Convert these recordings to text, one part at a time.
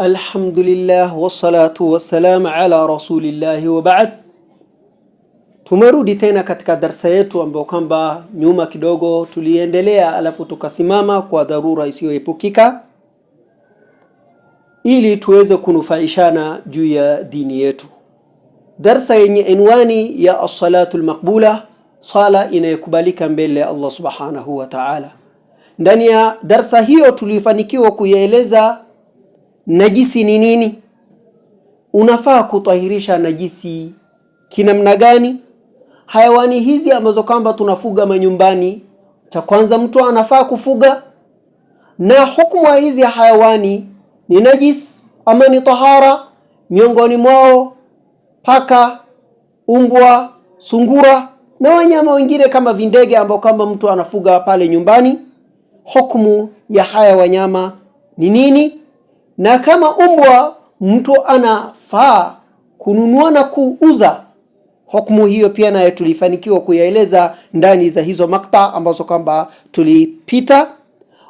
Alhamdulillah wassalatu wassalamu ala rasulillahi wa baad. Tumerudi tena katika darsa yetu ambayo kwamba nyuma kidogo tuliendelea, alafu tukasimama kwa dharura isiyoepukika, ili tuweze kunufaishana juu ya dini yetu. Darsa yenye enwani ya as-salatu al-maqbula, sala inayokubalika mbele ya Allah subhanahu wa ta'ala. Ndani ya darsa hiyo tulifanikiwa kuyaeleza Najisi ni nini? Unafaa kutahirisha najisi kinamna gani? Hayawani hizi ambazo kwamba tunafuga manyumbani, cha kwanza mtu anafaa kufuga, na hukmu hizi hayawani ni najis ama ni tahara. Miongoni mwao paka, umbwa, sungura na wanyama wengine kama vindege ambao kwamba mtu anafuga pale nyumbani. Hukmu ya haya wanyama ni nini? Na kama umbwa mtu anafaa kununua na kuuza, hukumu hiyo pia nayo tulifanikiwa kuyaeleza ndani za hizo makta ambazo kwamba tulipita.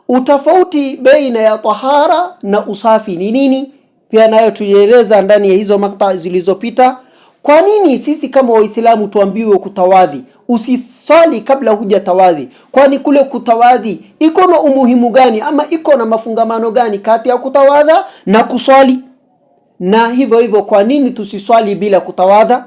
Utofauti baina ya tahara na usafi ni nini, pia nayo tulieleza ndani ya hizo makta zilizopita. Kwa nini sisi kama Waislamu tuambiwe kutawadhi, usiswali kabla hujatawadhi? Kwani kule kutawadhi iko na umuhimu gani, ama iko na mafungamano gani kati ya kutawadha na kuswali? Na hivyo hivyo, kwa nini tusiswali bila kutawadha?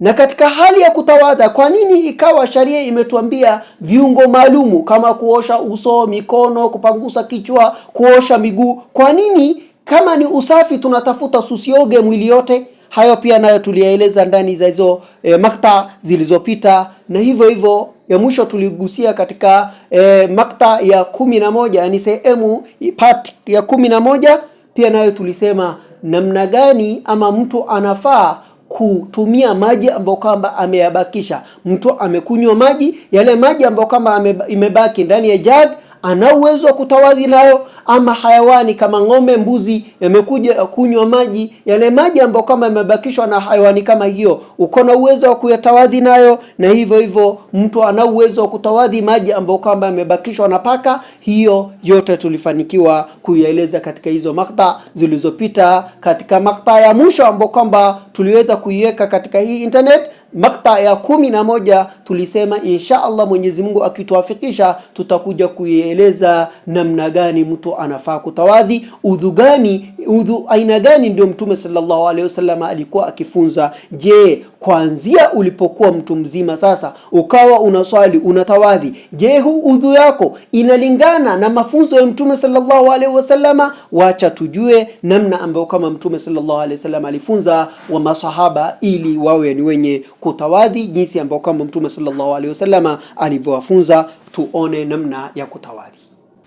Na katika hali ya kutawadha, kwa nini ikawa sharia imetuambia viungo maalumu kama kuosha uso, mikono, kupangusa kichwa, kuosha miguu? Kwa nini kama ni usafi tunatafuta susioge mwili yote? Hayo pia nayo tuliyaeleza ndani za hizo e, makta zilizopita, na hivyo hivyo ya mwisho tuligusia katika e, makta ya kumi na moja ni sehemu part ya kumi na moja pia nayo tulisema namna gani ama mtu anafaa kutumia maji ambayo kwamba ameyabakisha. Mtu amekunywa maji, yale maji ambayo kwamba imebaki ndani ya jagi ana uwezo wa kutawadhi nayo, ama hayawani kama ng'ombe, mbuzi yamekuja kunywa maji yale maji ambayo kama yamebakishwa na hayawani kama hiyo, uko na uwezo wa kuyatawadhi nayo, na hivyo hivyo mtu ana uwezo wa kutawadhi maji ambayo kama yamebakishwa na paka. Hiyo yote tulifanikiwa kuyaeleza katika hizo makta zilizopita, katika makta ya mwisho ambayo kwamba tuliweza kuiweka katika hii internet Makta ya kumi na moja tulisema insha Allah Mwenyezi Mungu akituafikisha, tutakuja kuieleza namna gani mtu anafaa kutawadhi, udhu gani, udhu aina gani ndio Mtume sallallahu alaihi wasallam alikuwa akifunza. Je, kuanzia ulipokuwa mtu mzima sasa ukawa unaswali unatawadhi. Je, huu udhu yako inalingana na mafunzo ya Mtume sallallahu alaihi wasallama? Wacha tujue namna ambayo kama Mtume sallallahu alaihi wasallam alifunza wa masahaba ili wawe ni wenye kutawadhi, jinsi ambayo kama Mtume sallallahu alaihi wasallama alivyowafunza. Tuone namna ya kutawadhi.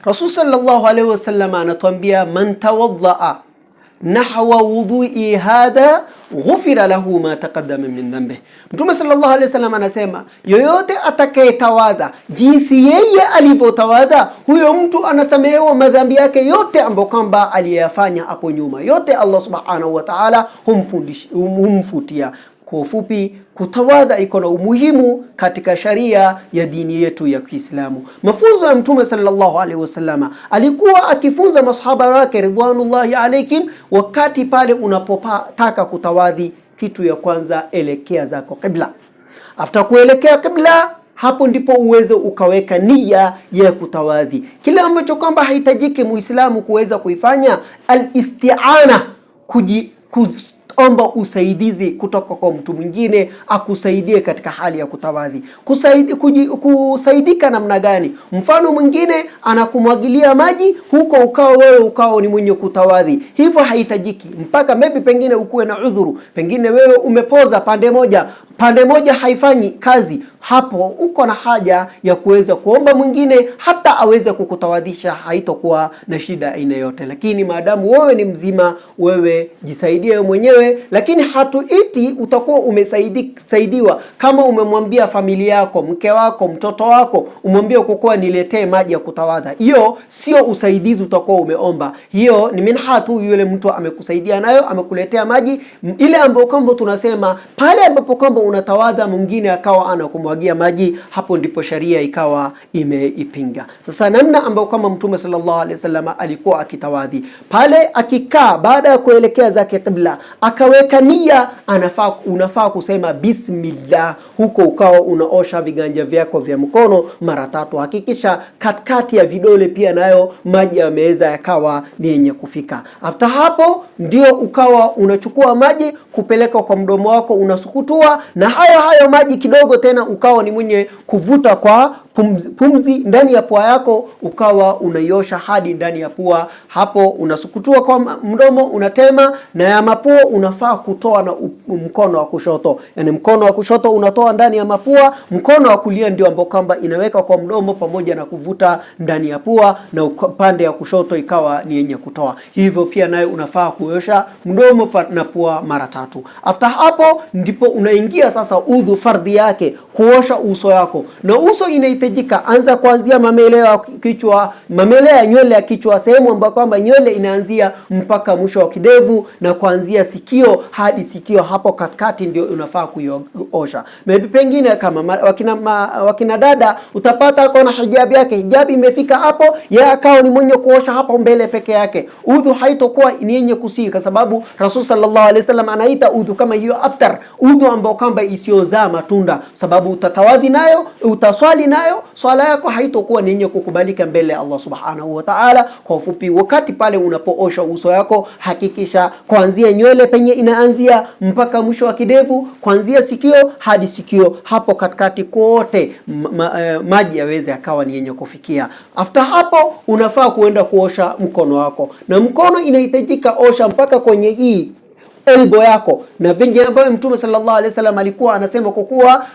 Rasul sallallahu alaihi wasallama anatuambia man tawadhaa nahwa wudhui hadha ghufira lahu ma taqaddama min dhanbi. Mtume sallallahu alaihi wasallam anasema yoyote atakayetawadha jinsi yeye alivyotawadha, huyo mtu anasamehewa madhambi yake yote ambayo kwamba aliyafanya hapo nyuma, yote Allah subhanahu wa ta'ala humfutia. Kwa ufupi, kutawadha iko na umuhimu katika sharia ya dini yetu ya Kiislamu. Mafunzo ya Mtume sallallahu alaihi wasallama alikuwa akifunza masahaba wake ridwanullahi alaihim, wakati pale unapotaka kutawadhi, kitu ya kwanza elekea zako qibla. After kuelekea qibla hapo ndipo uweze ukaweka nia ya kutawadhi. Kile ambacho kwamba haitajiki muislamu kuweza kuifanya alistiana kuji omba usaidizi kutoka kwa mtu mwingine akusaidie katika hali ya kutawadhi. Kusaidi, kuji, kusaidika namna gani? Mfano mwingine anakumwagilia maji huko, ukao wewe ukao ni mwenye kutawadhi, hivyo haitajiki mpaka maybe pengine ukuwe na udhuru, pengine wewe umepoza pande moja pande moja haifanyi kazi, hapo uko na haja ya kuweza kuomba mwingine hata aweze kukutawadhisha, haitokuwa na shida aina yote. Lakini maadamu wewe ni mzima, wewe jisaidie wewe mwenyewe, lakini hatuiti utakuwa umesaidiwa kama umemwambia familia yako, mke wako, mtoto wako, umwambie kukuwa niletee maji ya kutawadha. Hiyo sio usaidizi utakuwa umeomba, hiyo ni minha tu yule mtu amekusaidia nayo, amekuletea maji ile ambayo kwamba tunasema pale ambapo kwamba unatawadha mwingine akawa anakumwagia maji, hapo ndipo sharia ikawa imeipinga. Sasa namna ambayo kama Mtume sallallahu alaihi wasallam alikuwa akitawadhi pale, akikaa baada ya kuelekea zake kibla, akaweka nia, anafaa unafaa kusema bismillah, huko ukawa unaosha viganja vyako vya mkono mara tatu. Hakikisha katikati ya vidole pia nayo maji yameweza yakawa ni yenye kufika. After hapo, ndio ukawa unachukua maji kupeleka kwa mdomo wako, unasukutua na hayo hayo maji kidogo tena, ukawa ni mwenye kuvuta kwa pumzi, pumzi ndani ya pua yako ukawa unaiosha hadi ndani ya pua. Hapo unasukutua kwa mdomo unatema, na ya mapua unafaa kutoa na mkono wa kushoto, yani mkono wa kushoto unatoa ndani ya mapua, mkono wa kulia ndio ambao kwamba inaweka kwa mdomo pamoja na kuvuta ndani ya pua, na upande ya kushoto ikawa ni yenye kutoa. Hivyo pia nayo unafaa kuosha mdomo na pua mara tatu. After hapo ndipo unaingia sasa udhu, fardhi yake kuosha uso yako na uso ina inahitajika, anza kuanzia mamelea ya kichwa, mamelea ya nywele ya kichwa, sehemu ambayo kwamba nywele inaanzia mpaka mwisho wa kidevu na kuanzia sikio hadi sikio hapo katikati, ndio unafaa kuiosha. Maybe pengine kama wakina, ma, wakina dada utapata kwa na hijabi yake, hijabi imefika hapo, yeye akao ni mwenye kuosha hapo mbele peke yake, udhu haitokuwa ni yenye kusii, kwa sababu Rasul sallallahu alaihi wasallam anaita udhu kama hiyo abtar, udhu ambao kwamba isiyozaa matunda, sababu utatawadhi nayo utaswali nayo ambayo swala yako haitokuwa ni yenye kukubalika mbele ya Allah subhanahu wa ta'ala. Kwa ufupi, wakati pale unapoosha uso yako, hakikisha kuanzia nywele penye inaanzia mpaka mwisho wa kidevu, kuanzia sikio hadi sikio, hapo katikati kote eh, maji yaweze akawa ni yenye kufikia. After hapo, unafaa kuenda kuosha mkono wako, na mkono inahitajika osha mpaka kwenye hii elbo yako, na vingi ambayo Mtume sallallahu alaihi wasallam alikuwa anasema kwa kuwa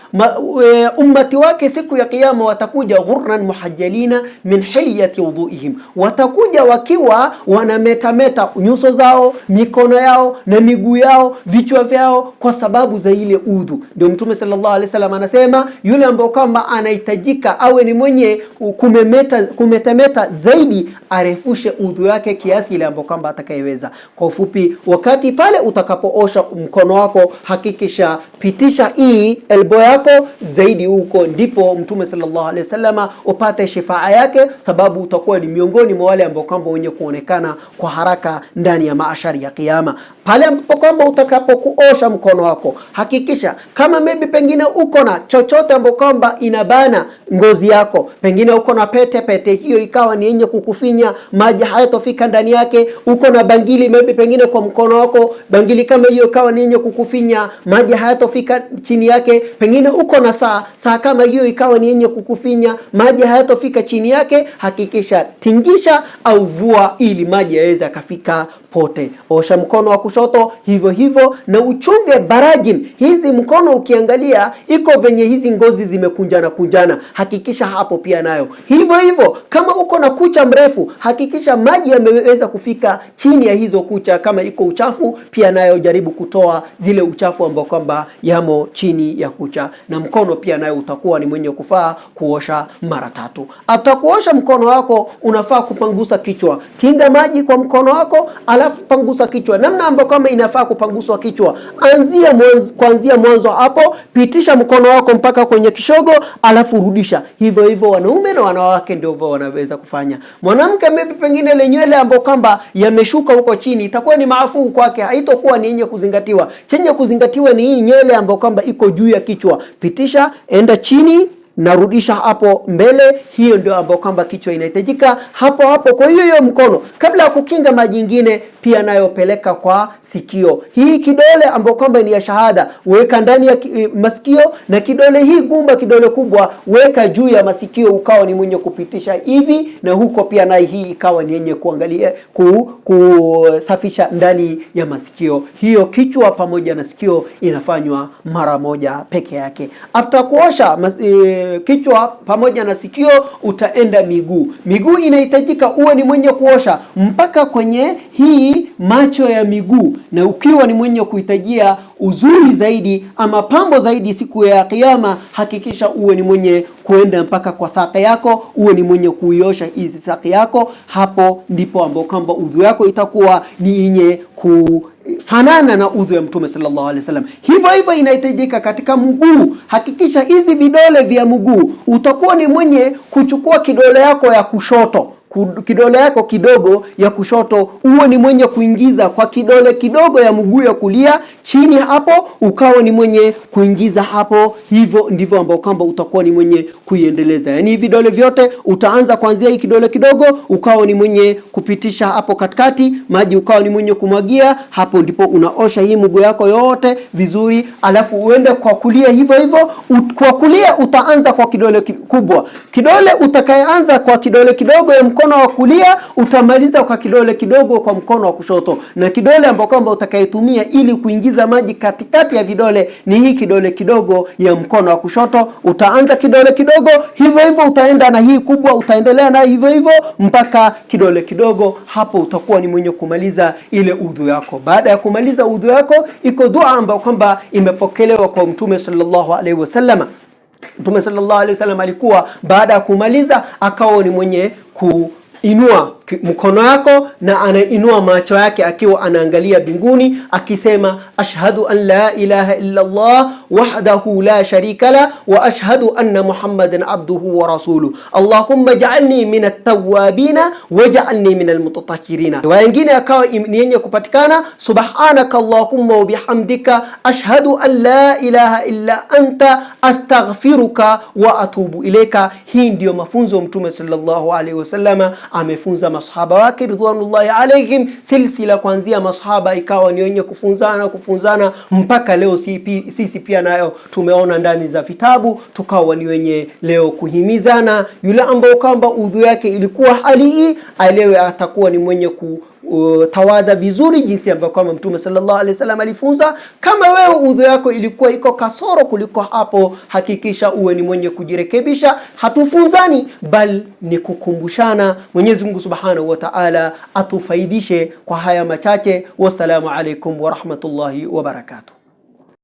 e, ummati wake siku ya kiyama watakuja ghurran muhajjalina min hiliyati wuduihim, watakuja wakiwa wanametameta nyuso zao, mikono yao na miguu yao, vichwa vyao, kwa sababu za ile udhu. Ndio Mtume sallallahu alaihi wasallam anasema yule ambaye kwamba anahitajika awe ni mwenye kumemeta, kumetameta zaidi, arefushe udhu yake kiasi ile ambayo kwamba atakayeweza. Kwa ufupi, wakati pale utakapoosha mkono wako hakikisha pitisha hii elbo yako zaidi huko, ndipo Mtume sallallahu alaihi wasallam upate shifaa yake, sababu utakuwa ni miongoni mwa wale ambao kwamba wenye kuonekana kwa haraka ndani ya maashari ya Kiyama. Pale ambapo kwamba utakapokuosha mkono wako hakikisha kama maybe pengine uko na chochote ambapo kwamba inabana ngozi yako, pengine uko na pete, pete hiyo ikawa ni yenye kukufinya, maji hayatofika ndani yake. Uko na bangili maybe pengine kwa mkono wako bangili ajili kama hiyo ikawa ni yenye kukufinya, maji hayatofika chini yake. Pengine uko na saa, saa kama hiyo ikawa ni yenye kukufinya, maji hayatofika chini yake, hakikisha tingisha au vua, ili maji yaweze akafika pote. Osha mkono wa kushoto hivyo hivyo, na uchunge barajin hizi. Mkono ukiangalia iko venye hizi ngozi zimekunjana kunjana, hakikisha hapo pia nayo hivyo hivyo. Kama uko na kucha mrefu, hakikisha maji yameweza kufika chini ya hizo kucha. Kama iko uchafu pia nayo jaribu kutoa zile uchafu ambao kwamba yamo chini ya kucha, na mkono pia nayo utakuwa ni mwenye kufaa kuosha mara tatu. atakuosha mkono wako, unafaa kupangusa kichwa, kinga maji kwa mkono wako alafu pangusa kichwa namna ambayo kama inafaa kupanguswa kichwa. Anzia mwanzo, kuanzia mwanzo hapo, pitisha mkono wako mpaka kwenye kishogo, alafu rudisha hivyo hivyo. Wanaume na wanawake ndio wanaweza kufanya. Mwanamke mimi pengine ile nywele ambayo kwamba yameshuka huko chini itakuwa ni maafuu kwake, haitokuwa ni yenye kuzingatiwa. Chenye kuzingatiwa ni hii nywele ambayo kwamba iko juu ya kichwa, pitisha, enda chini narudisha hapo mbele. Hiyo ndio ambayo kwamba kichwa inahitajika hapo hapo. Kwa hiyo hiyo mkono, kabla ya kukinga maji ingine, pia nayopeleka kwa sikio. Hii kidole ambayo kwamba ni ya shahada, weka ndani ya eh, masikio, na kidole hii gumba, kidole kubwa, weka juu ya masikio, ukawa ni mwenye kupitisha hivi na huko, pia naye hii ikawa ni yenye kuangalia ku, kusafisha ndani ya masikio. Hiyo kichwa pamoja na sikio inafanywa mara moja peke yake after kuosha mas, e, kichwa pamoja na sikio, utaenda miguu. Miguu inahitajika uwe ni mwenye kuosha mpaka kwenye hii macho ya miguu, na ukiwa ni mwenye kuhitajia uzuri zaidi ama pambo zaidi siku ya Kiyama, hakikisha uwe ni mwenye kuenda mpaka kwa saka yako, uwe ni mwenye kuiosha hizi saka yako. Hapo ndipo ambapo kwamba udhu yako itakuwa ni yenye ku fanana na udhu ya Mtume sallallahu alaihi wasallam. Hivyo hivyo inahitajika katika mguu. Hakikisha hizi vidole vya mguu utakuwa ni mwenye kuchukua kidole yako ya kushoto kidole yako kidogo ya kushoto uwe ni mwenye kuingiza kwa kidole kidogo ya mguu ya kulia chini hapo, ukawa ni mwenye kuingiza hapo. Hivyo ndivyo ambao kwamba utakuwa ni mwenye kuiendeleza, yaani vidole vyote utaanza kuanzia hii kidole kidogo, ukawa ni mwenye kupitisha hapo katikati maji, ukawa ni mwenye kumwagia hapo, ndipo unaosha hii mguu yako yote vizuri, alafu uende kwa kulia hivyo hivyo. Kwa kulia utaanza kwa kidole kubwa, kidole utakayeanza kwa kidole kidogo ya mkono mkono wa kulia, utamaliza kwa kidole kidogo kwa mkono wa kushoto, na kidole ambao kwamba utakayetumia ili kuingiza maji katikati ya vidole ni hii kidole kidogo ya mkono wa kushoto. Utaanza kidole kidogo hivyo hivyo, utaenda na hii kubwa, utaendelea na hivyo hivyo mpaka kidole kidogo. Hapo utakuwa ni mwenye kumaliza ile udhu yako. Baada ya kumaliza udhu yako, iko dua ambayo kwamba imepokelewa kwa Mtume sallallahu alaihi wasallam Mtume sallallahu alaihi wasallam alikuwa baada ya kumaliza akao ni mwenye kuinua mkono wako na anainua macho yake akiwa anaangalia binguni akisema ashhadu an la ilaha illa Allah wahdahu la sharika la wa ashhadu anna Muhammadan abduhu wa rasuluhu Allahumma ja'alni min at-tawwabina waj'alni min al-mutatahhirina. Wengine akawa ni yenye kupatikana subhanaka Allahumma wa bihamdika ashhadu an la ilaha illa anta astaghfiruka wa atubu ilaika. Hii ndiyo mafunzo Mtume sallallahu alayhi wasallam amefunza masahaba wake ridwanullahi alaihim, silsila kuanzia masahaba ikawa ni wenye kufunzana kufunzana mpaka leo. Sisi pia nayo tumeona ndani za vitabu, tukawa ni wenye leo kuhimizana. Yule ambao kwamba udhu yake ilikuwa hali hii, alewe atakuwa ni mwenye ku tawadha vizuri jinsi ambavyo kwamba Mtume sallallahu alaihi wasallam alifunza. Kama wewe udhu yako ilikuwa iko kasoro kuliko hapo, hakikisha uwe ni mwenye kujirekebisha. Hatufunzani bal ni kukumbushana. Mwenyezi Mungu subhanahu wa ta'ala atufaidishe kwa haya machache. Wassalamu alaikum wa rahmatullahi wa barakatuh.